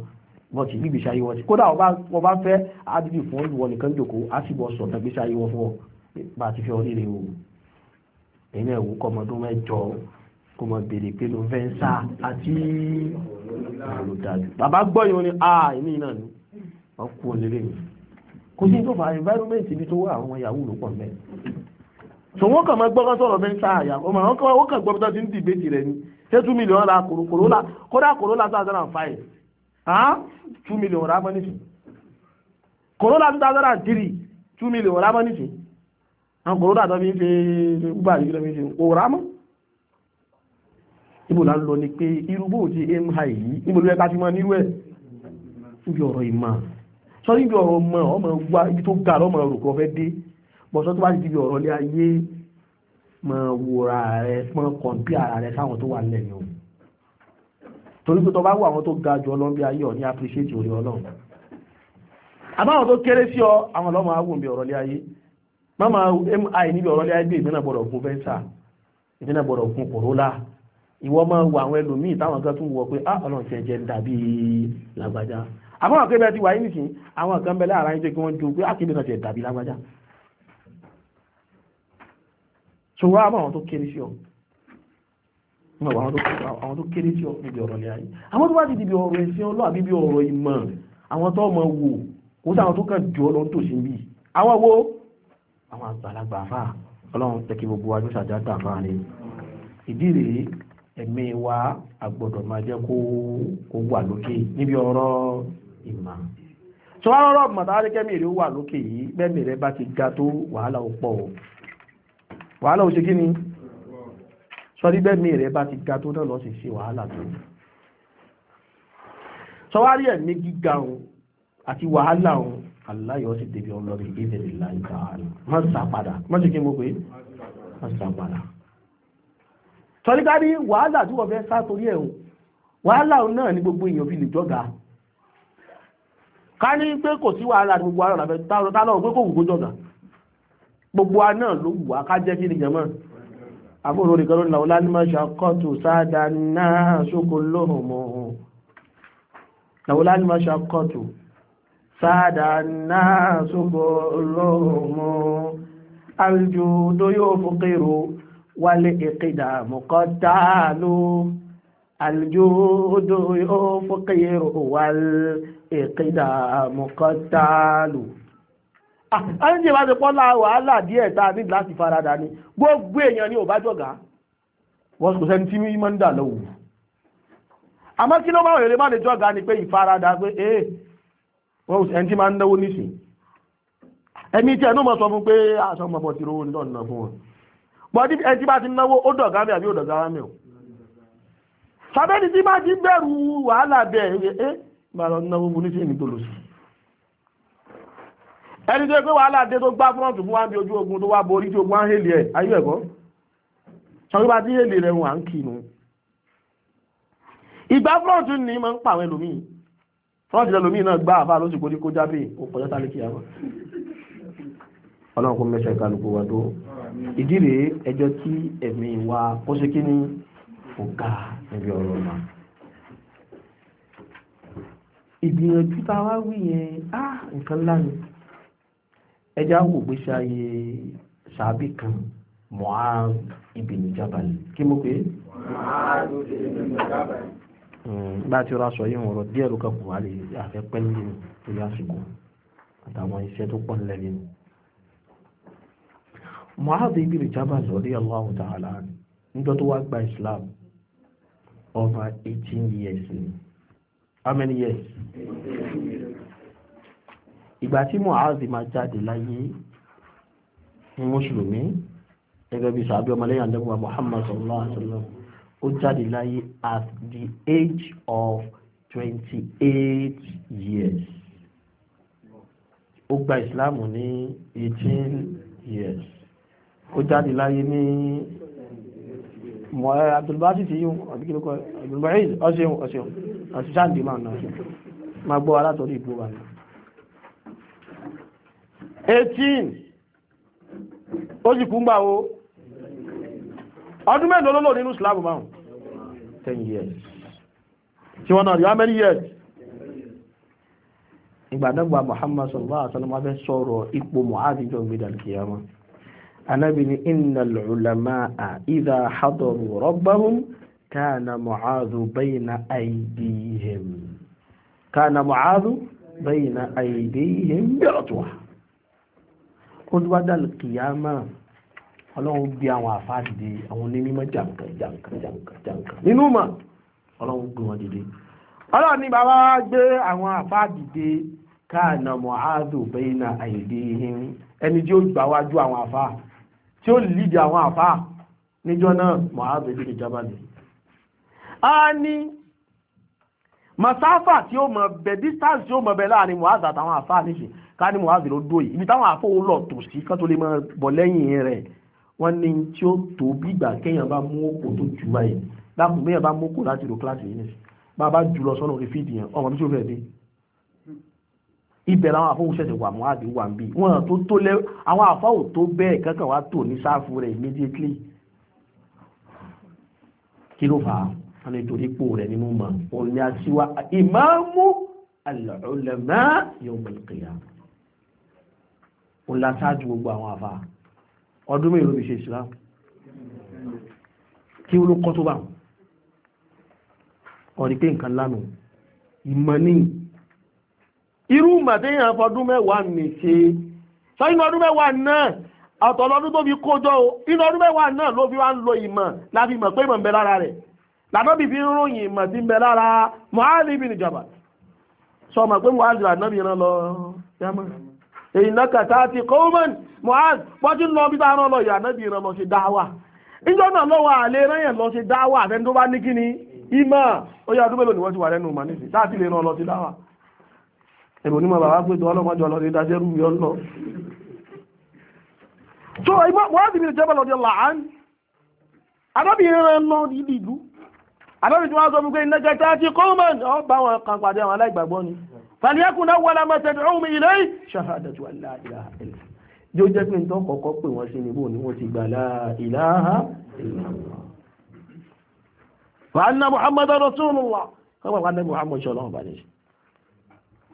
wọ́n ti gbígbèsè ayé wọn ti kódà wọ́n bá fẹ́ adìdì fún ìwọ nìkan jòkó á sì bọ́ sọ̀tàn gbèsè ayé wọn fún ọ bá a ti fi ọ líle o èyí náà wò kọ́ ọmọdún mẹ́jọ kò mọ̀ bèrè pé ló fẹ́ ń sá àti àròdàlù bàbá gbọ́yìn ni ah, a ìní náà ni wọ́n kú onílé mi kò sí tó fa environment ibi tó wà àwọn ìyàwó ló pọ̀ mẹ́ so wọ́n kàn máa gbọ́kàn sọ̀rọ̀ fẹ́ ń sá àyàwó ọmọ àwọn kan wọ́n kàn gbọ́ bí wọ́n ti ń dìbètì rẹ̀ ni ṣé two million ra Corolla kódà Corolla two thousand and five ah two million ra mọ́ nísìn Corolla two thousand and three two million ra mọ́ nísìn àwọn Corolla tó fi ń ṣe gbàgbé fi ń ṣe kò rá níbo la ń lọ ni pé irú bó ti aim high yìí níbo ló yẹ ká ti mọ nírú ẹ̀ níbi ọ̀rọ̀ ìmọ̀ sọ níbi ọ̀rọ̀ ọmọ ọmọ wa ibi tó ga lọ́mọ òrùkọ fẹ́ dé bọ́sọ tó bá ti di ọ̀rọ̀ lé ayé mọ wòrà rẹ mọ kọ̀ǹpí ara rẹ sáwọn tó wà nílẹ̀ ni o torí pé tó bá wọ àwọn tó ga jù ọlọ́run bí ayé ọ̀ ní appreciate orí ọlọ́run àbáwọn tó kéré sí ọ àwọn ọlọ́mọ agbóhùn bí mama mi níbi ọ̀rọ̀ lé ayé bí ìmínà gbọ́dọ̀ ìwọ máa wo àwọn ẹlòmíì táwọn kan tún wọ pé ah ọlọ́run ṣe jẹ́ dàbí lágbájá àmọ́ àwọn akẹ́bẹ̀ẹ́ ti wà yín nìsín àwọn kan bẹ̀lẹ́ ara yín tó kí wọ́n jó pé akébẹ̀ náà ṣe dàbí lágbájá ṣòro àmọ́ àwọn tó kéré sí ọ àwọn tó kéré sí ọ níbi ọ̀rọ̀ ilé ayé àwọn tó bá ti dìbì ọ̀rọ̀ ẹ̀sìn ọlọ́ àbí bí ọ̀rọ̀ ìmọ̀ àwọn tó mọ wò kó sáwọn tó kàn jọ lọ tòsí bí àwọn wo àwọn àgbàlagbà àfà ọlọ́run tẹ́kí gbogbo wa ló ṣàjá ẹ̀mí wa àgbọ̀dọ̀ máa jẹ́ kó wà lókè níbi ọ̀rọ̀ ìmọ̀ tó wá rọ̀rọ̀ mọ̀tàrí kẹ́mì rẹ̀ wà lókè yìí bẹ́ẹ̀mì rẹ̀ bá ti ga tó wàhálà ó pọ̀ wàhálà ó ṣe kí ni sọ́rí bẹ́ẹ̀mì rẹ̀ bá ti ga tó náà lọ sì ṣe wàhálà tó sọwárí ẹ̀mí gíga òun àti wàhálà òun aláyọ̀ sì débi ọlọ́rin ìdílé láìka ààrùn má sàpadà má sì kí mo pé má sàpadà tọ́líkárí wàhálà tí wọ́n fẹ́ sá torí ẹ̀hùn wàhálà náà ni gbogbo èèyàn fi lè jọ́gà ká ní pé kò sí wàhálà gbogbo ara làbẹ́ tálọ́ pé kò wù kó jọ́gà gbogbo a náà ló wù á ká jẹ́ kí ni jẹ́mọ́ àbúrò nìkan ló ń ní máa ṣàkọ́tù sáadà sáadà náà ṣókò lóhùn mọ́ wálé ìkìdà mọ̀kọ́tà ló àlùjọ́dọ̀ yóò fọ́kẹ́yẹrò wálé ìkìdà mọ̀kọ́tà ló. àwọn ìjìnlẹ̀ bá ti pọ́nlá wàhálà díẹ̀ tá a ní láti farada ni gbogbo èèyàn ni ò bá jọ̀gá wọ́n kò sẹ́ni tí mi máa ń dà lọ́wọ́ àmọ́ kí ló máa wèrè má lè jọ̀gá ni pé ìfarada pé ee eh, wọ́n kò sẹ́ni tí máa ń náwó nísìn ẹ̀mí tí ẹ̀ ní mọ̀ sọ fún pé àṣọ ah, ọmọ bọ̀ ti ń dọ̀ nà fún wọn bọ́dí ẹ tí bá ti náwó ó dọ̀gá mi àbí ó dọ̀gá mi o sàbẹ́ni tí bá ti bẹ̀rù wàhálà bẹ́ẹ̀ ẹ ẹ bá lọ náwó mo ní sí ìní tó lò sí ẹni tó pé wàhálà dé tó gbá fúrọ̀tù fún wa bí ojú ogun tó wá borí tí ogun á ń hèlì ẹ ayé ẹ̀kọ́ sọ̀rọ̀ bá ti hèlì rẹ̀ wọn à ń kì ìgbà fúrọ̀tù ni máa ń pa àwọn ẹlòmíì fúrọ̀tù ẹlòmíì náà gbá àbá lóṣù kó ní kó jábì ó pọ̀ yọ́tà lè kíyàwó ọlọ́run kó mẹ́sẹ̀ kálukú wa tó ìdí rèé ẹjọ́ tí ẹ̀mí wa kó ṣe kí ní fòkà níbi ọ̀rọ̀ wa ìgbìyànjú tá wá wí yẹn á ah, nǹkan ńlá ni ẹjá wò gbèsè ayé sàábì kan Mu'az ibn Jabal kí mo pè é. Mu'az ibn Jabal. Hmm, bá a ti rọ aṣọ yìí ń rọ díẹ̀ ló kà kù lè àfẹ́ pẹ́ńdé ní àtàwọn iṣẹ́ tó pọ̀ nílẹ̀ nínú. Mu'adh ibn Jabal radiyallahu ta'ala níjọ́ tó wá gba Islam over eighteen years ni how many years ìgbà tí Mu'adh máa jáde láyé ní mùsùlùmí gẹ́gẹ́ bí sàbí ọmọlẹ́yìn àdẹ́gbà Muhammad sallallahu alaihi wa sallam ó jáde láyé at the age of twenty eight years ó gba Islam ní eighteen years ó jáde láyé ní abdulbasi ti yíò àbíkílùkọ abdulbasi ọ̀ṣẹ́hùn ọ̀ṣẹ́hùn àṣìṣàǹdì máa náà ṣe máa gbọ́ alátọ́rí ìgbó wa 18 ó sì kú ń gbà wo ọdún mẹ́rin olólò nínú Islam márùn 10 years tí wọ́n náà rí how many years ìgbàdàgbà Muhammad sallallahu alaihi wasallam fẹ́ sọ̀rọ̀ ipò Mu'adh jọ gbé dàlùkìyàmọ́ anábì ní innal ulamaa idha hadaru rabbahum kana mu'adhu bayna aydihim kana mu'adhu bayna aydihim bi'atwa olúwa dàlù kìyàmá ọlọ́run gbé àwọn àfáàdì àwọn onímọ̀ jàǹkà jàǹkà jàǹkà jàǹkà nínú mà ọlọ́run gbé wọn dìde ọlọ́run ní bàbá gbé àwọn àfáàdì dé káànà mọ̀ádù bẹ́ẹ̀nà àìdíhìn ẹni tí ó gbà wájú àwọn àfáà tí ó lìdí àwọn àfá níjọ́ náà Mu'adh ibn Jabal a ní masáfà tí ó mọ̀ bẹ̀ distance tí ó mọ̀ bẹ̀ láàrin Mu'adh àtàwọn àfá níṣe ká ní Mu'adh ló dóyè ibi táwọn àfó lọ tò sí kán tó lè mọ bọ̀ lẹ́yìn rẹ̀ wọ́n ní tí ó tó bí ìgbà kéèyàn bá mú òkò tó jù báyìí dákùn bí bá mú òkò láti ro kíláàsì yìí nìyẹn bá bá jù lọ sọ́nà orí fídì ọmọ bí tí ó fẹ́ dé ibẹ̀ làwọn àfọwọ́ ṣẹ̀ṣẹ̀ wà mọ́ àbí wà ń bì wọ́n tó tó lẹ́ àwọn àfọwọ́ tó bẹ́ẹ̀ kankan wá tò ní sáfù rẹ̀ immediately kí ló fà á wọn ni torí pò rẹ̀ nínú mọ̀ òun ni a ti wá ìmáàmù al-ulama yawm al òun la gbogbo àwọn àfà ọdún mẹ́rin ló ṣe Islam kí ló kọ́ tó bá wọn rí pé nǹkan lánàá ìmọ̀ níyì irú màdéyàn fọdún mẹ́wàá nìṣe sọ inú ọdún mẹ́wàá náà àtọ̀lọ́dún tó fi kójọ́ o inú ọdún mẹ́wàá náà ló fi wá ń lo ìmọ̀ láti mọ̀ pé ìmọ̀ ń bẹ lára rẹ̀ lànàbì fi ń ròyìn ìmọ̀ tí ń bẹ lára Mu'adh bin Jabal sọ ma pé Mu'adh lànàbì rán lọ yamọ́ èyí náà kàtà ti qawman Mu'adh wọ́n ti ń lọ bí táwọn lọ yà náà ìran lọ ṣe dáwà ìjọ náà lọ́wọ́ àlẹ́ rán yẹn lọ ṣe dáwà àfẹ́ni tó bá ní kíni ìmọ̀ ó yà ọdún mélòó ni wọ́n ti wà lẹ́nu màníṣì táà sì lè rán lọ sí dáwà ẹ̀rọ onímọ̀ bàbá pé tó ọlọ́mọjọ lọ sí ìdájẹ́rú yọ lọ so ìmọ̀ wọ́n ti bìí jẹ́bọ̀ lọ́dí làán arábìnrin lọ nílì ìlú arábìnrin tí wọ́n sọ wípé iná jẹta ti kọ́mọ̀n ọ bá wọn kan pàdé àwọn aláìgbàgbọ́ ni fàníyàkùn náà wọlé ọmọ tẹ̀dọ̀ ọmọ ilé ṣàhádàtú aláìlá yóò jẹ́ pé nǹkan kọ̀ọ̀kọ́ pé wọ́n sí níbo ni wọ́n ti gbà muhammadu rasulullah wọ́n muhammadu sọlọ́wọ́ bá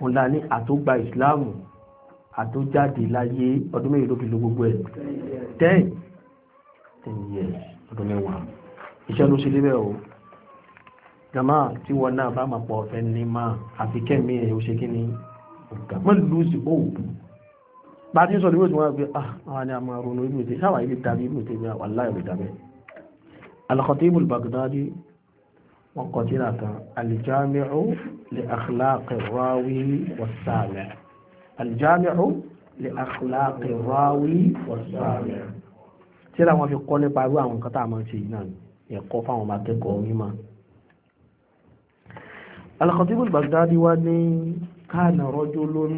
òun la ní àtúgbà ìsìláàmù àtújáde láyé ọdún mẹ́rin ló fi lo gbogbo ẹ̀ ten ten years ọdún mẹ́wàá iṣẹ́ ló ṣe débẹ̀ o jama tí wọn náà bá máa pọ̀ ọ̀fẹ́ ní máa àfi kẹ́mi ẹ̀ ó ṣe kí ni ọ̀gá mọ́ lùsì òògùn bá ti ń sọ ní ìwòsàn wọn pé ah, àwọn ni a máa ronú ibi tí sáwà ibi tàbí ibi tí wà láì rí tàbí Al-Khatib al wọ́n kọ tírà kan aljamiu li akhlaqi rawi wasaami aljamiu li akhlaqi rawi wasaami tírà wọn fi kọ́ nípa irú àwọn nǹkan tá a máa ń ṣe yìí náà ẹ̀kọ́ fáwọn ọmọ akẹ́kọ̀ọ́ mímọ́ alkhatibu al-baghdadi wa ni kana rajulun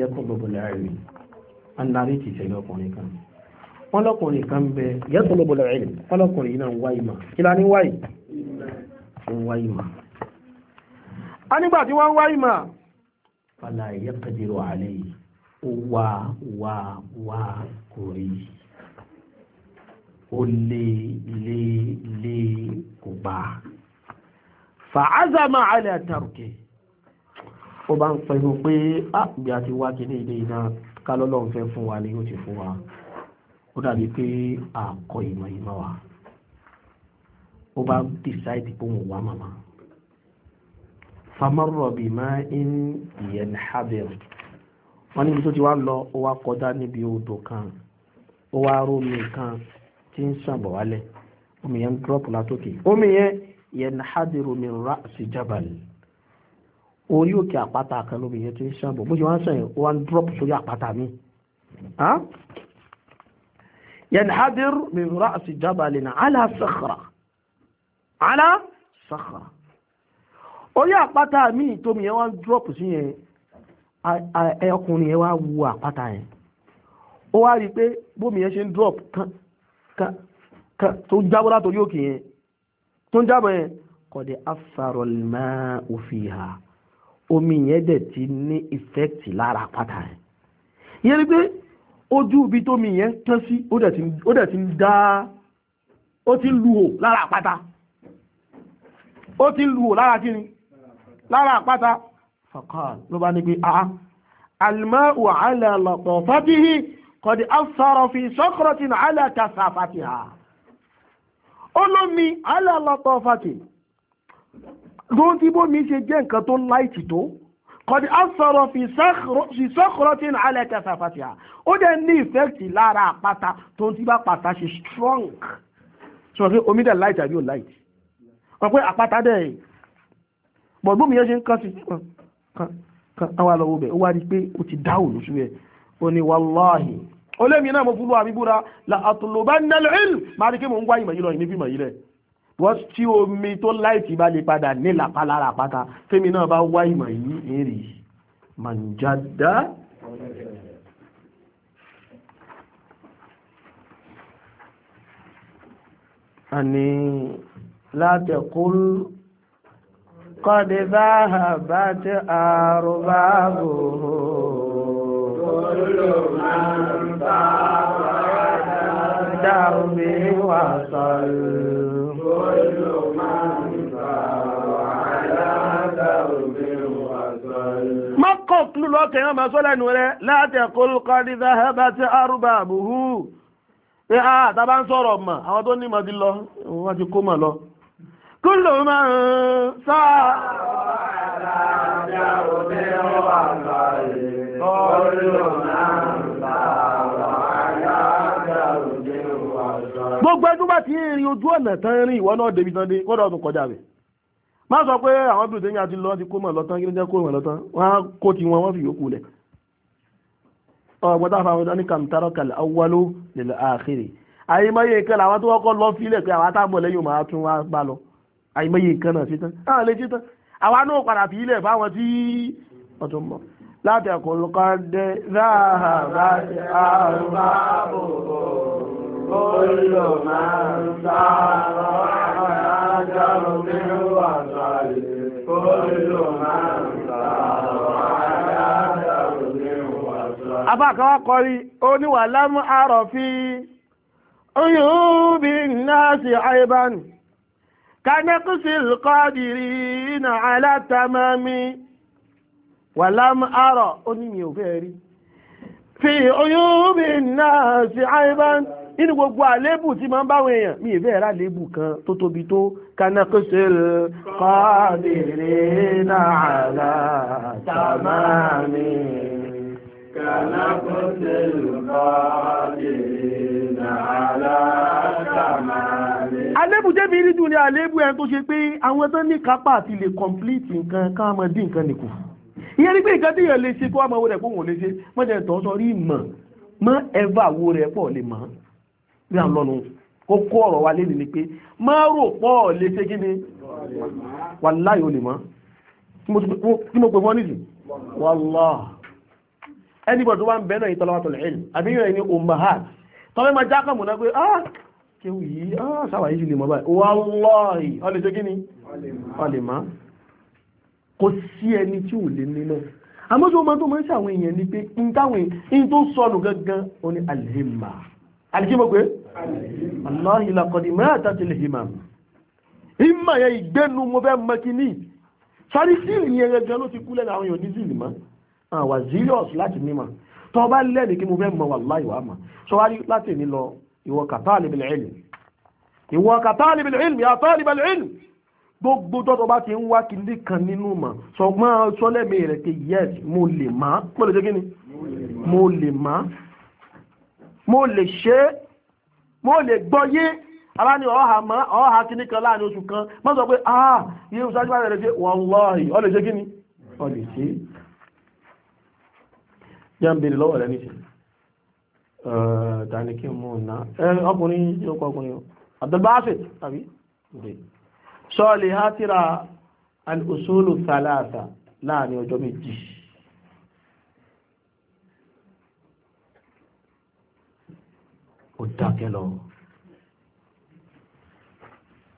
yatlubu al-ilm annari ti ṣe lọ́kùnrin kan wọ́n lọ́kùnrin kan bẹ yatlubu al-ilm wọ́n lọ́kùnrin náà wáyìí ń wá ìmọ̀ a nígbà tí wọ́n ń wá ìmọ̀ fàlà ẹ̀yẹ pẹ̀lú àlẹ́ yìí ó wá wá wá kò rí ó lé lé lé kò bá fàázàmà àlẹ́ àtàrùkẹ́ ó bá ń pẹ̀lú pé á ah, bí a ti wá kí ní ilé iná kálọ́lọ́ fẹ́ fún wa ni ó ti fún wa ó dàbí pé àkọ ìmọ̀ ìmọ̀ wa ó bá dìsáìdì pé òun wà màmá famarọ bíi máa ń ìyẹn hábẹ̀rù wọ́n níbi tó ti wá lọ ó wá kọjá níbi odò kan ó wá rómi kan tí ń sàn bọ̀ wálẹ̀ omi yẹn ń dúrọ́pù látòkè omi yẹn yẹn hábẹ̀rù mi rà sí jábàlì orí òkè àpáta kan lómi yẹn tí ń sàn bọ̀ bó ṣe wá ń sàn yẹn ó wá ń dúrọ́pù sórí àpáta mi yẹn hábẹ̀rù mi rà sí jábàlì náà ala sakhra. Ala, sàkà orí àpáta mi tómi yẹn wá ń dúrọ̀pù sí yẹn ọkùnrin yẹn wá wu àpáta yẹn ó wá rí i pé bómi yẹn ṣe ń dúrọ̀pù kan tó jábọ́ látòrí òkè yẹn tó ń jábọ̀ yẹn kọ̀dẹ̀ afárọ̀lmá òfin ha omi yẹn dẹ̀ ti ní ìfẹ́kìtì lára àpáta yẹn yẹn ni pé ojú ibi tómi yẹn tán sí ó dẹ̀ ti ń dá ó ti ń lu lára àpáta ó ti lù ú lára kí ni lára àpáta faqal ló bá ní pé a al-ma'u ala latafatihi qad athara fi sakratin ala kasafatiha olómi ala latafatihi lóhun tí bómi ṣe jẹ́ nǹkan tó láìtì tó kọ̀dí asọ̀rọ̀ fi sọ́kọ̀rọ̀ tí ní alẹ́ kẹfà fàtíà ó dẹ̀ ní ìfẹ́kìtì lára àpáta tó ń tí bá pàtà strong sọ omi dẹ̀ láìtì àbí ò láìtì wọ́n pé àpáta dẹ̀ ẹ̀ bọ̀dún mi yẹn ṣe ń kàn sí kan àwọn àlọ́wọ́ bẹ̀ ó wá rí i pé ó ti dá òun lóṣù ẹ̀ ó ní wàláhì olómi náà mo fún lóhùn àbíbúra la àtúnlọ́bá nílò ìlú máa rí i mo ń wáyé màyí lọ ìní fìmọ̀ yìí rẹ̀ wọ́n tí omi tó láìtì bá lè padà nílàpá lára àpáta fẹ́mi náà bá wá ìmọ̀ yìí èrè a ní látẹ̀kún kọ́dé bá hà bá ti àrùn bá bò Dàrùmí wà sọ̀rọ̀. Mọ́kọ̀ kúlù lọ́kẹ̀ yán máa sọ́lẹ̀ nù rẹ látẹ̀kún kọ́dé bá ti àrùn bá bò hù. Pé ah, a tàbá ń sọ̀rọ̀ mọ̀, àwọn tó ní mọ̀ ti lọ, wọ́n ti kó mọ̀ lọ kúlù máa ń sá gbogbo ẹjú bá ti ń rin ojú ọ̀nà tán rí ìwọ náà débi tán dé wọ́n dọ̀tún kọjá rẹ̀ má sọ pé àwọn obìnrin tẹ́yìn àti lọ ti kó mọ̀ lọ́tán kí ló jẹ́ kó mọ̀ lọ́tán wọ́n á kó ti wọn wọ́n fi yòókù lẹ̀ ọgbọ́dá fáwọn ọdún ní kàmtàrọ kàlẹ̀ awọ́lú nílẹ̀ àkèrè àyèmáyé kan làwọn tó wọ́kọ́ lọ fílẹ̀ pé àwọn àtàbọ̀ lẹ́yìn òun tún wá gbá lọ àìmọye nǹkan náà ṣe tán náà lè ṣe tán àwa náà padà fi ilẹ̀ fáwọn tí wọ́n tún mọ̀ láti ẹ̀kọ́ kan dé ráhà bá àrùn bá bò ó lò máa ń sáró àjọ mi wà sáré ó lò máa ń sáró àjọ mi wà sáré. abákan wa kọrí ó ní wà oyún bí náà ṣe àìbánu. كنقص القادرين على التمام ولم أرى أنمي وفيري في عيوب الناس عيبا inú gbogbo àlébù tí máa ń báwọn èèyàn mi ìfẹ́ ra lébù kan tó tóbi tó kanakosel qadirina ala tamami kanakosel qadirina àlébù jẹ́bi rí dùn ní àlébù ẹni tó ṣe pé àwọn tó ní kápá àti lè complete nǹkan ká mọ dín nǹkan nìkù ìyẹn ni pé nǹkan tí èèyàn lè ṣe kó àmọ́ rẹ̀ kó lè ṣe mọ́jẹ̀ tó sọ rí mọ̀ mọ́ ẹ̀fà owó rẹ̀ pọ̀ lè mọ̀ bí àwọn lọ́nu kókó ọ̀rọ̀ wa léde ni pé má rò pọ̀ lè ṣe kí ni anybody tó bá ń bẹ́ẹ̀ náà yìí tọ́lọ́wọ́tọ̀ tọ́lẹ́ máa já kàmù náà pé ah kéwù yìí ah sáwà yìí sì lè mọ́ báyìí wallahi ọlẹ́ tó kíni ọlẹ́ má kò sí ẹni tí ò lè ní náà àmọ́ tó máa tó máa ń ṣàwọn èèyàn ni pé n táwọn èèyàn tó sọnù gangan ó ní alhima alhima pé aláhi làkọ̀dì mẹ́rin àtàtì lèhima ìmọ̀ yẹn ìgbẹ́nu mo fẹ́ mọ kíní sáré sílì yẹn gangan ló ti kú lẹ́nu àwọn èèyàn ní sílì mọ́ àwa serious láti mímọ̀ tó bá lẹ́ni kí mo fẹ́ mọ̀ wallahi wà mà sọ́wárí láti ní lọ ìwọ ka talibul ilm ìwọ ka talibul ilm ya talibul ilm gbogbo tọ́tọ́ bá ti ń wá kìlí kan nínú mà sọgbọ́n sọlẹ́mì rẹ̀ pé yes mo lè má mo lè ṣe kí ni mo lè jẹ́ ń bèrè lọ́wọ́ rẹ̀ níṣẹ́ dani kí n mú un náà ẹ ọkùnrin yóò kọ ọkùnrin o abdulbasit tàbí sọ́ọ̀lì hátìrà al-usulu thalatha láàrin ọjọ́ méjì ó dákẹ́ lọ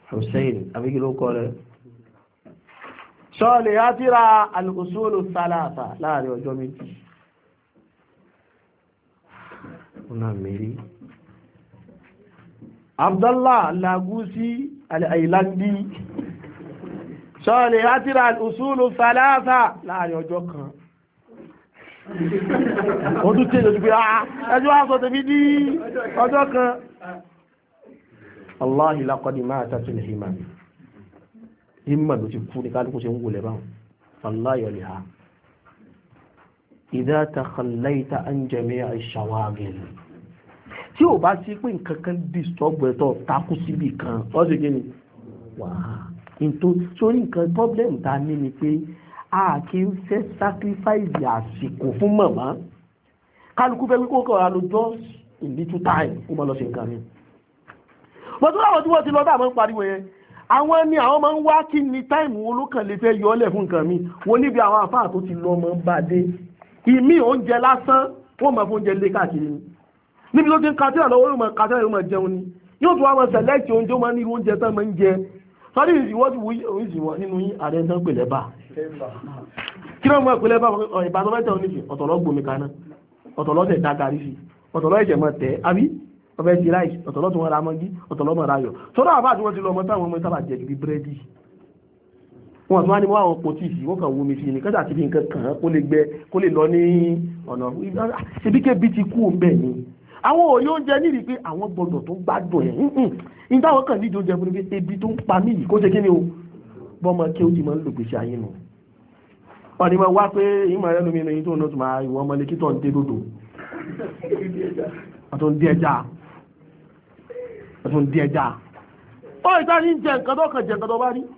hussein àbíkí ló láàrin ọjọ́ méjì náà mẹ́rí abdullah lagusi al'ailandi sọ́ọ̀lẹ̀ àtìrà al'usulu falasa láàrin ọjọ́ kan o tún tẹ́lẹ̀ ojú pé a ah, ẹjọ́ aṣọ tẹ̀bí dí ọjọ́ kan allah ilakọ̀dì máa tàtún ìhìmà ìmọ̀ ló ti kú ní kálùkù ṣe ń wò lẹ́bàá allah yọ̀lẹ̀ ha ìdá takhallaita an jami'i shawagil tí ò bá sí pé nǹkan kan disturb ẹ̀tọ́ takú síbì kan ó sì gẹ́ni wàá nítorí sórí nǹkan problem ta ní ni pé a kì í fẹ́ sacrifice àsìkò fún màmá kálukú fẹ́ wípé kọ́ ra lo just in little time kó máa lọ ṣe nǹkan mi mo tún láwọn tí wọ́n ti lọ dáàmọ́ ń pariwo yẹn àwọn ni àwọn máa ń wá kí ni táìmù olókànlé fẹ́ yọ ọ́lẹ̀ fún nǹkan mi wọ́n níbi àwọn àfáà tó ti lọ mọ́ bá dé ìmí oúnjẹ lásán wọ́n máa fóúnjẹ lé káàkiri ni níbi tó ti ń katẹ́rà lọ́wọ́ yóò máa katẹ́rà yóò máa jẹun ni yóò tún wá máa sẹ̀lẹ́kì oúnjẹ ó máa ní irú oúnjẹ tán máa ń jẹ sọ́dí ìwọ́n ti wú ìsìn wọn nínú yín ààrẹ tán pè lẹ́bà kí ló mọ̀ pé lẹ́bà ìbátan mẹ́ta ò ní ọ̀tọ̀lọ́ gbomi kaná ọ̀tọ̀lọ́ tẹ̀ dá garí sí ọ̀tọ̀lọ́ ẹ̀jẹ̀ mọ̀ tẹ̀ àbí ọbẹ̀ ti ráìsì ọ̀tọ̀lọ́ tún wọn ra mọ́gí ọ̀tọ̀lọ́ mọ̀ ra yọ̀ àbá àti wọn ti lọ ọmọ táwọn ọmọ sábà jẹ ju búrẹ́dì wọn tún wá ní wọn àwọn pò tíì wọn kàn wumi sí ni kọ́sà ti fi nǹkan kàn án kó lè gbẹ kó lè lọ ní ọ̀nà ṣebíkẹ́ ti kú bẹ́ẹ̀ ni àwọn òye oúnjẹ nírìí pé àwọn gbọdọ̀ tó gbádùn ẹ̀ nígbà wọn kàn nídìí oúnjẹ fún mi pé ebi tó ń pa mí yìí kó ṣe kí ni o bọ́mọ kí o ti máa ń lò gbèsè ayé nu ọ̀nì máa wá pé ìmọ̀ ẹ̀rọ mi lóyún tó ń lọ́tùmọ̀ ìwọ ọmọ lékítọ̀ ń dé dòdò ọ̀tún dí ẹja ọ̀tún dí ẹja ó ìta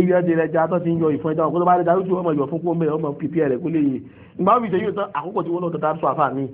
ibi ọdẹ rẹ jẹ atọ́ ti ń yọ ìfún ẹja ọkọ tó bá rẹ darí ju ọmọ ìyọ̀ fún kó mẹ́rẹ̀ ọmọ pípẹ́ rẹ̀ kó lè yè ìgbà wọn fi ṣe yóò tán àkókò tí wọn lọ tọ́ta sọ àfà mi